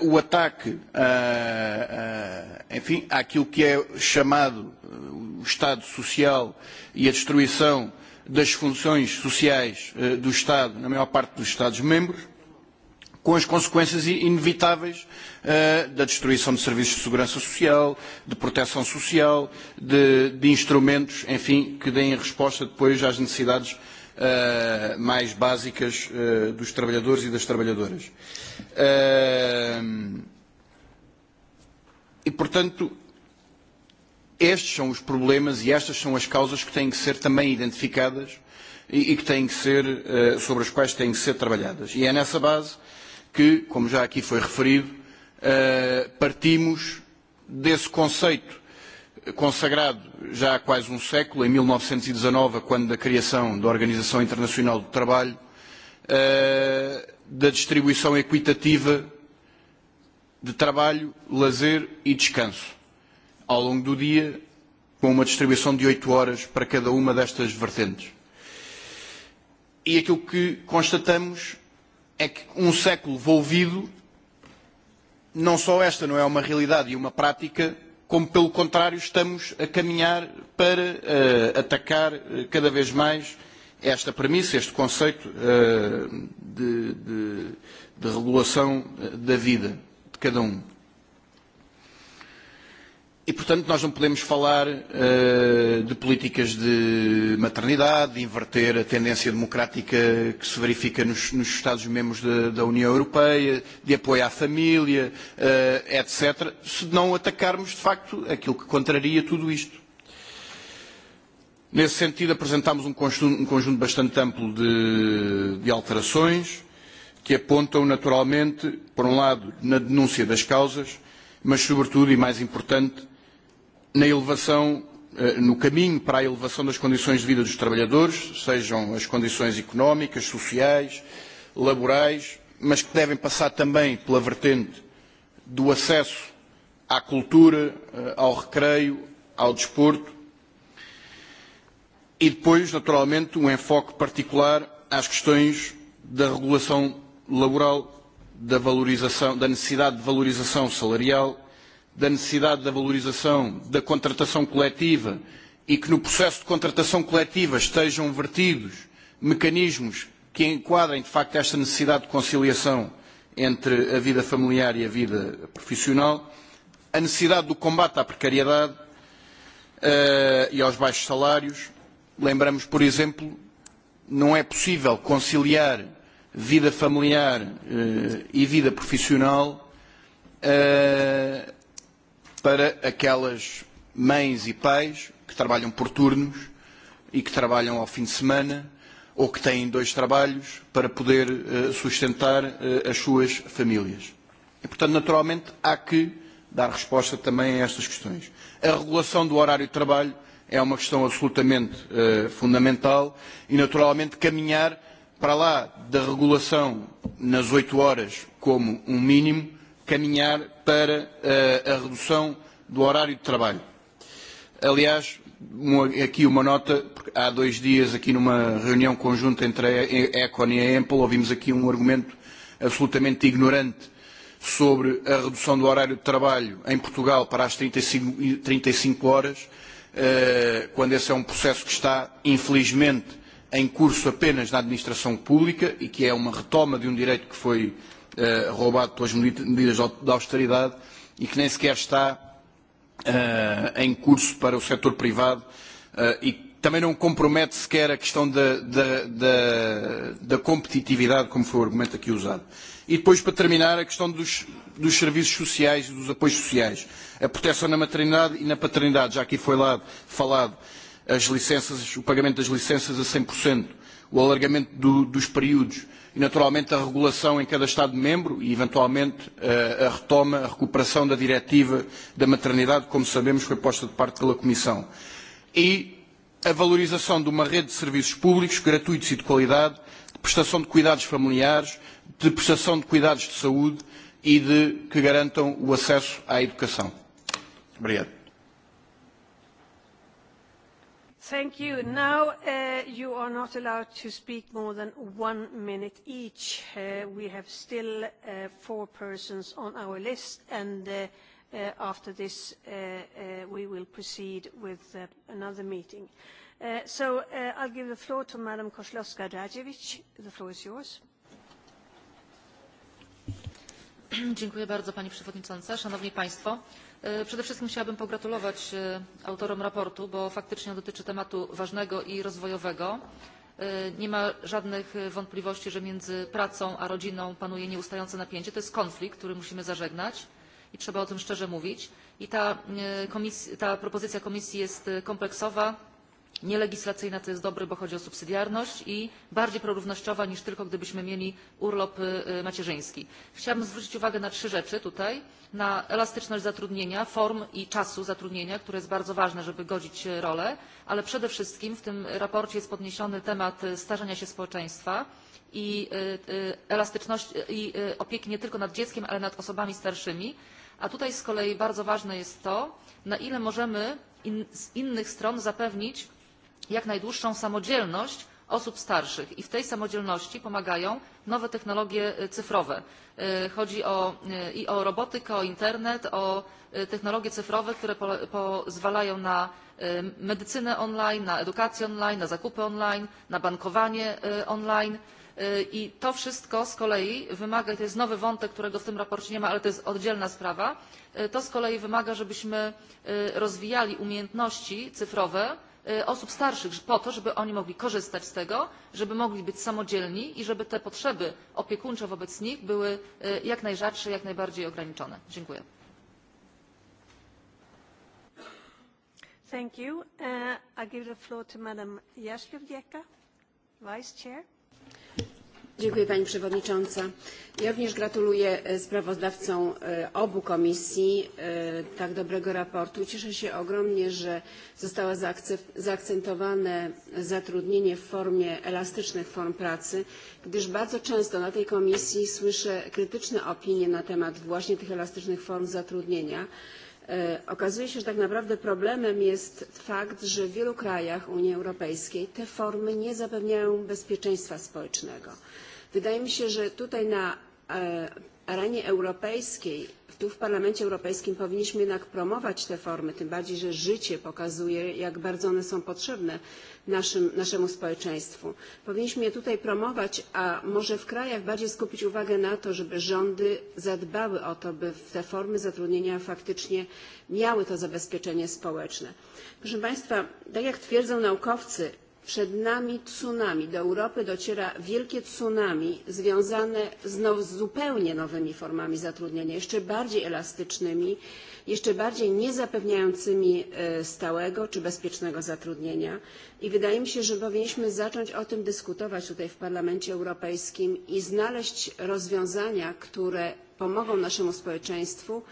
o ataque a, enfim, àquilo que é chamado o Estado Social e a destruição das funções sociais do Estado na maior parte dos Estados-membros com as consequências inevitáveis uh, da destruição de serviços de segurança social, de proteção social, de, de instrumentos, enfim, que deem resposta depois às necessidades uh, mais básicas uh, dos trabalhadores e das trabalhadoras. E, portanto, estes são os problemas e estas são as causas que têm que ser também identificadas e, e que têm que ser, sobre as quais têm que ser trabalhadas. E é nessa base que, como já aqui foi referido, eh, partimos desse conceito consagrado já há quase um século, em 1919, e quando da criação da Organização Internacional do Trabalho, eh, da distribuição equitativa de trabalho, lazer e descanso, ao longo do dia, com uma distribuição de oito horas para cada uma destas vertentes. E aquilo que constatamos é que um século volvido, não só esta não é uma realidade e uma prática, como pelo contrário estamos a caminhar para uh, atacar eh, cada vez mais esta premissa, este conceito uh, de, de, de regulação da vida de cada um. E, portanto, nós não podemos falar uh, de políticas de maternidade, de inverter a tendência democrática que se verifica nos, nos Estados-membros da, da União Europeia, de apoio à família, uh, eh, etc., se não atacarmos, de facto, aquilo que contraria tudo isto. Nesse sentido, apresentámos um conjunto, um conjunto bastante amplo de, de alterações que apontam, naturalmente, por um lado, na denúncia das causas, mas, sobretudo e mais importante, na elevação eh, no caminho para a elevação das condições de vida dos trabalhadores, sejam as condições económicas, sociais, laborais, mas que devem passar também pela vertente do acesso à cultura, eh, ao recreio, ao desporto e depois, naturalmente, um enfoque particular às questões da regulação laboral, da, valorização, da necessidade de valorização salarial, da necessidade da valorização da contratação coletiva e que no processo de contratação coletiva estejam vertidos mecanismos que enquadrem de facto esta necessidade de conciliação entre a vida familiar e a vida profissional, a necessidade do combate à precariedade eh, e aos baixos salários. Lembramos, por exemplo, não é possível conciliar vida familiar eh, e vida profissional eh, para aquelas mães e pais que trabalham por turnos e que trabalham ao fim de semana ou que têm dois trabalhos para poder eh, sustentar eh, as suas famílias. E, portanto, naturalmente, há que dar resposta também a estas questões. A regulação do horário de trabalho é uma questão absolutamente eh, fundamental e, naturalmente, caminhar para lá da regulação nas oito horas como um mínimo caminhar para a redução do horário de trabalho. Aliás, aqui uma nota, porque há dois dias aqui numa reunião conjunta entre a Econ e a Apple ouvimos aqui um argumento absolutamente ignorante sobre a redução do horário de trabalho em Portugal para as 35, 35 e e horas, eh, quando esse é um processo que está, infelizmente, em curso apenas na administração pública e que é uma retoma de um direito que foi uh, roubado pelas medidas de austeridade e que nem sequer está em curso para o setor privado e também não compromete sequer a questão da, da, da, da competitividade, como foi o argumento aqui usado. E depois, para terminar, a questão dos, dos serviços sociais e dos apoios sociais. A proteção na maternidade e na paternidade, já aqui foi lá falado, as licenças, o pagamento das licenças a 100%, o alargamento dos períodos, e naturalmente a regulação em cada Estado membro e eventualmente a retoma, a recuperação da diretiva da maternidade, como sabemos foi posta de parte pela Comissão. E a valorização de uma rede de serviços públicos, gratuitos e de qualidade, de prestação de cuidados familiares, de prestação de cuidados de saúde e de que garantam o acesso à educação. Obrigado. Thank you. Now, uh, you are not allowed to speak more than one minute each. Uh, we have still uh, four persons on our list, and uh, uh, after this, uh, we will proceed with another meeting. So, I'll give the floor to Madam Koslowska Radziejewicz. The floor is yours. Dziękuję bardzo, Pani Przewodnicząca. Szanowni Państwo! E, przede wszystkim chciałabym pogratulować e, autorom raportu, bo faktycznie dotyczy tematu ważnego i rozwojowego. E, nie ma żadnych wątpliwości, że między pracą a rodziną panuje nieustające napięcie. To jest konflikt, który musimy zażegnać i trzeba o tym szczerze mówić. I ta, ta propozycja komisji jest kompleksowa, nielegislacyjna to jest dobre, bo chodzi o subsydiarność i bardziej prorównościowa niż tylko gdybyśmy mieli urlop macierzyński. Chciałabym zwrócić uwagę na trzy rzeczy tutaj. Na elastyczność zatrudnienia, form i czasu zatrudnienia, które jest bardzo ważne, żeby godzić rolę, ale przede wszystkim w tym raporcie jest podniesiony temat starzenia się społeczeństwa i elastyczność i opieki nie tylko nad dzieckiem, ale nad osobami starszymi. A tutaj z kolei bardzo ważne jest to, na ile możemy z innych stron zapewnić jak najdłuższą samodzielność osób starszych i w tej samodzielności pomagają nowe technologie e, cyfrowe. E, chodzi o, e, i o robotykę, o internet, o technologie cyfrowe, które pozwalają na medycynę online, na edukację online, na zakupy online, na bankowanie online i to wszystko z kolei wymaga i to jest nowy wątek którego w tym sprawozdaniu nie ma ale to jest oddzielna sprawa to z kolei wymaga żebyśmy rozwijali umiejętności cyfrowe E, osób starszych po to żeby oni mogli korzystać z tego żeby mogli być samodzielni i żeby te potrzeby opiekuńcze wobec nich były e, jak najrzadsze jak najbardziej ograniczone. dziękuję. Dziękuję Pani Przewodnicząca. Ja również gratuluję e, sprawozdawcom e, obu komisji e, tak dobrego raportu. Cieszę się ogromnie, że zostało zaakcentowane zatrudnienie w formie elastycznych form pracy, gdyż bardzo często na tej komisji słyszę krytyczne opinie na temat właśnie tych elastycznych form zatrudnienia. Okazuje się, że tak naprawdę problemem jest fakt, że w wielu krajach Unii Europejskiej te formy nie zapewniają bezpieczeństwa społecznego Wydaje mi się, że tutaj na e, arenie europejskiej, tu w Parlamencie Europejskim powinniśmy jednak promować te formy, tym bardziej, że życie pokazuje, jak bardzo one są potrzebne naszemu społeczeństwu. Powinniśmy je tutaj promować, a może w krajach bardziej skupić uwagę na to, żeby rządy zadbały o to, by te formy zatrudnienia faktycznie miały to zabezpieczenie społeczne. Proszę Państwa, tak jak twierdzą naukowcy, Przed nami tsunami. Do Europy dociera wielkie tsunami związane z zupełnie nowymi formami zatrudnienia, jeszcze bardziej elastycznymi, jeszcze bardziej niezapewniającymi e, stałego czy bezpiecznego zatrudnienia. I wydaje mi się, że powinniśmy zacząć o tym dyskutować tutaj w Parlamencie Europejskim i znaleźć rozwiązania, które pomogą naszemu społeczeństwu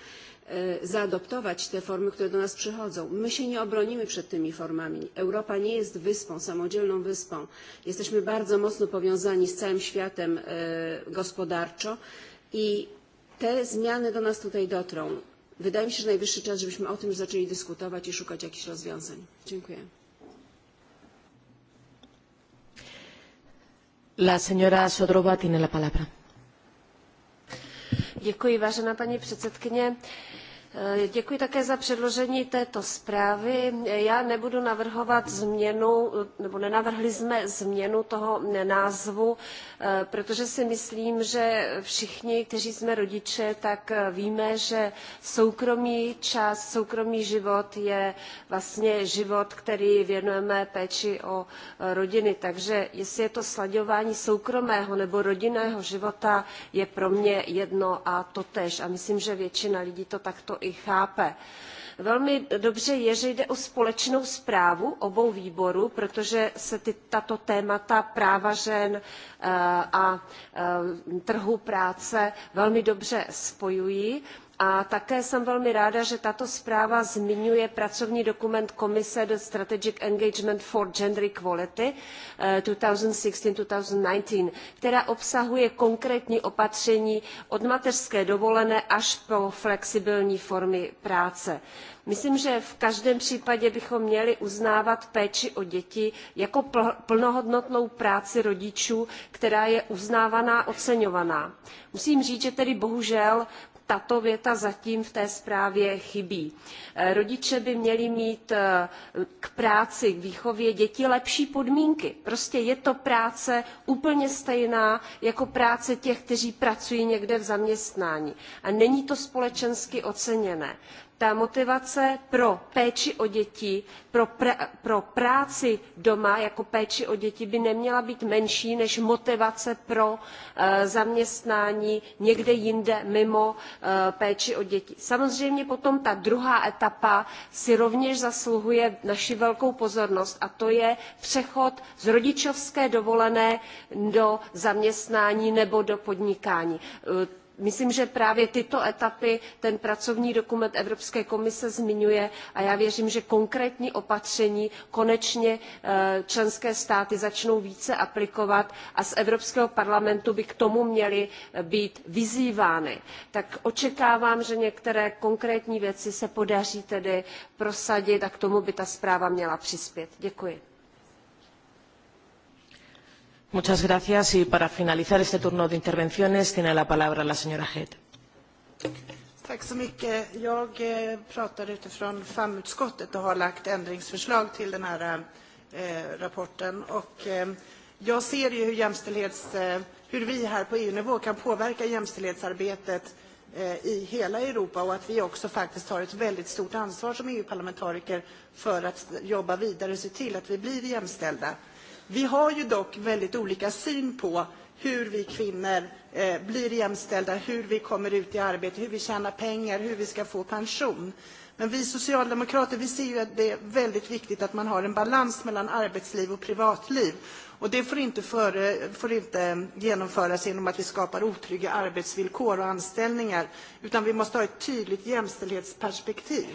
E, zaadoptować te formy, które do nas przychodzą. My się nie obronimy przed tymi formami. Europa nie jest wyspą, samodzielną wyspą. Jesteśmy bardzo mocno powiązani z całym światem e, gospodarczo i te zmiany do nas tutaj dotrą. Wydaje mi się, że najwyższy czas, żebyśmy o tym zaczęli dyskutować i szukać jakichś rozwiązań. Dziękuję. La señora Sodrova tiene la Děkuji, vážená paní předsedkyně. Eh, děkuji také za předložení této zprávy. Já nebudu navrhovat změnu, eh, nebo nenavrhli jsme změnu toho názvu, eh, protože si myslím, že všichni, kteří jsme rodiče, tak víme, že soukromý čas, soukromý život je vlastně život, který věnujeme péči o rodiny. Takže jestli je to slaďování soukromého nebo rodinného života, je pro mě jedno a tež. A myslím, že většina lidí to takto i chápe. velmi dobře je že jde o společnou zprávu obou výborů protože se ty, tato témata práva žen eh, a eh, trhu práce velmi dobře spojují a také jsem velmi ráda že tato zpráva zmiňuje pracovní dokument komise the strategic engagement for gender equality 2016 thousand and která obsahuje konkrétní opatření od mateřské dovolené až po flexibilní formy práce. myslím že v každém případě bychom měli uznávat péči o děti jako plnohodnotnou práci rodičů která je uznávaná a oceňovaná. musím říct že tedy bohužel tato věta zatím v té zprávě chybí. Eh, rodiče by měli mít eh, k práci k výchově dětí lepší podmínky prostě je to práce úplně stejná jako práce těch kteří pracují někde v zaměstnání a není to společensky oceněné ta motivace pro péči o děti pro, práci doma jako péči o děti by neměla být menší než motivace pro eh, zaměstnání někde jinde mimo eh, péči o děti. samozřejmě potom ta druhá etapa si rovněž zasluhuje naši velkou pozornost a to je přechod z rodičovské dovolené do zaměstnání nebo do podnikání. Eh, myslím že právě tyto etapy ten pracovní dokument evropské komise zmiňuje a já věřím že konkrétní opatření konečně eh, členské státy začnou více aplikovat a z evropského parlamentu by k tomu měly eh, být vyzývány. tak očekávám že některé konkrétní věci se podaří tedy prosadit a k tomu by ta zpráva měla přispět. děkuji para finalizar este turno la palabra Tack så mycket. Jag eh, pratar utifrån FAM-utskottet och har lagt ändringsförslag till den här eh, rapporten. Och, eh, jag ser ju hur, jämställdhets, hur vi här på EU-nivå kan påverka jämställdhetsarbetet i hela Europa och att vi också faktiskt har ett väldigt stort ansvar som EU-parlamentariker för att jobba vidare och se till att vi blir jämställda. Vi har ju dock väldigt olika syn på hur vi kvinnor eh, blir jämställda, hur vi kommer ut i arbete, hur vi tjänar pengar, hur vi ska få pension. Men vi socialdemokrater vi ser ju att det är väldigt viktigt att man har en balans mellan arbetsliv och privatliv. Och det får inte, för, inte genomföras genom att vi skapar otrygga arbetsvillkor och anställningar, utan vi måste ha ett tydligt jämställdhetsperspektiv.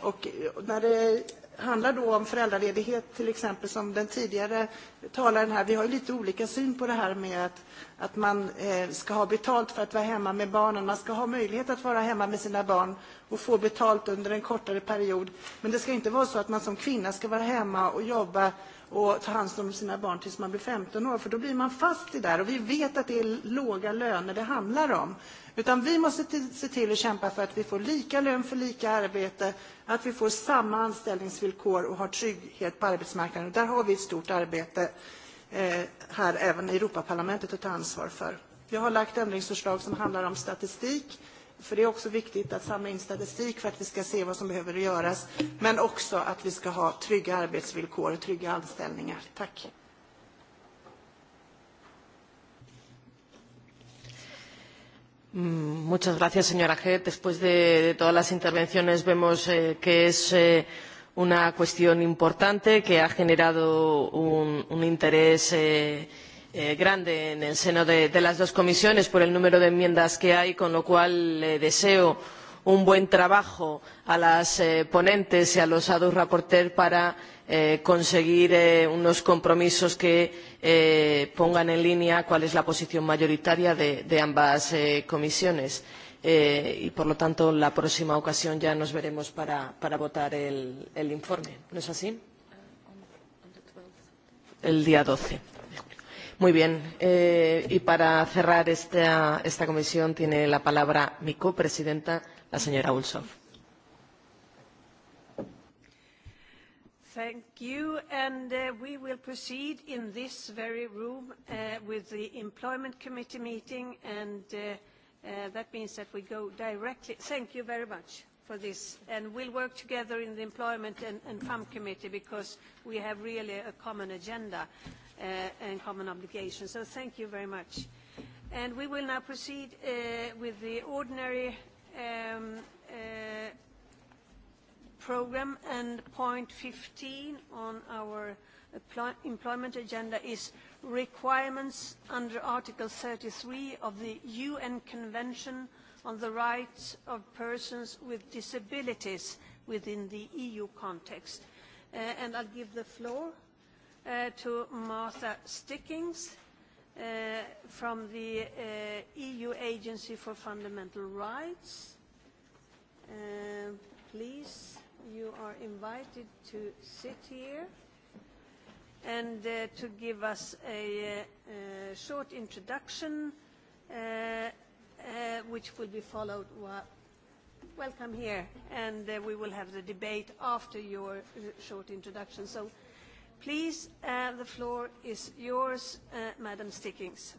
Och när det handlar då om föräldraledighet till exempel som den tidigare talaren här. Vi har ju lite olika syn på det här med att, att man eh, ska ha betalt för att vara hemma med barnen. Man ska ha möjlighet att vara hemma med sina barn och få betalt under en kortare period. Men det ska inte vara så att man som kvinna ska vara hemma och jobba och ta hand om sina barn tills man blir 15 år. För då blir man fast i det där. Och vi vet att det är låga löner det handlar om. Utan vi måste se till att kämpa för att vi får lika lön för lika arbete, att vi får samma anställningsvillkor och har trygghet på arbetsmarknaden. Och där har vi ett stort arbete eh, här även i Europaparlamentet att ta ansvar för. Vi har lagt ändringsförslag som handlar om statistik För det är också viktigt att samla in statistik för att vi ska se vad som behöver göras, men också att vi ska ha trygga arbetsvillkor och trygga anställningar. Tack. Mm, muchas gracias, señora G. Después de todas las intervenciones vemos eh, que es eh, una cuestión importante que ha generado un, un interés eh, Eh, grande en el seno de, las dos comisiones por el número de enmiendas que hay con lo cual le deseo un buen trabajo a las eh, ponentes y a los ponentes alternativos para eh, conseguir unos compromisos que pongan en línea cuál es la posición mayoritaria de, de ambas comisiones y por lo tanto la próxima ocasión ya nos veremos para, votar el, el informe no es así? el día doce. Muy bien. Eh, y para cerrar esta, esta comisión tiene la palabra mi copresidenta, la señora Ulsov. Thank you. And uh, we will proceed in this very room uh, with the Employment Committee meeting. And uh, that means that we go directly. Thank you very much for this. And we'll work together in the Employment and, and FAM Committee because we have really a common agenda. Uh, and common obligations. So thank you very much. And we will now proceed uh, with the ordinary um, uh, program and point 15 on our employment agenda is requirements under Article 33 of the UN Convention on the Rights of Persons with Disabilities within the EU context. Uh, and I'll give the floor Uh, to Martha Stickings uh, from the uh, EU Agency for Fundamental Rights. Please, you are invited to sit here and to give us a, short introduction which will be followed welcome here and we will have the debate after your short introduction so Please, uh, the floor is yours, uh, Madam Stickings.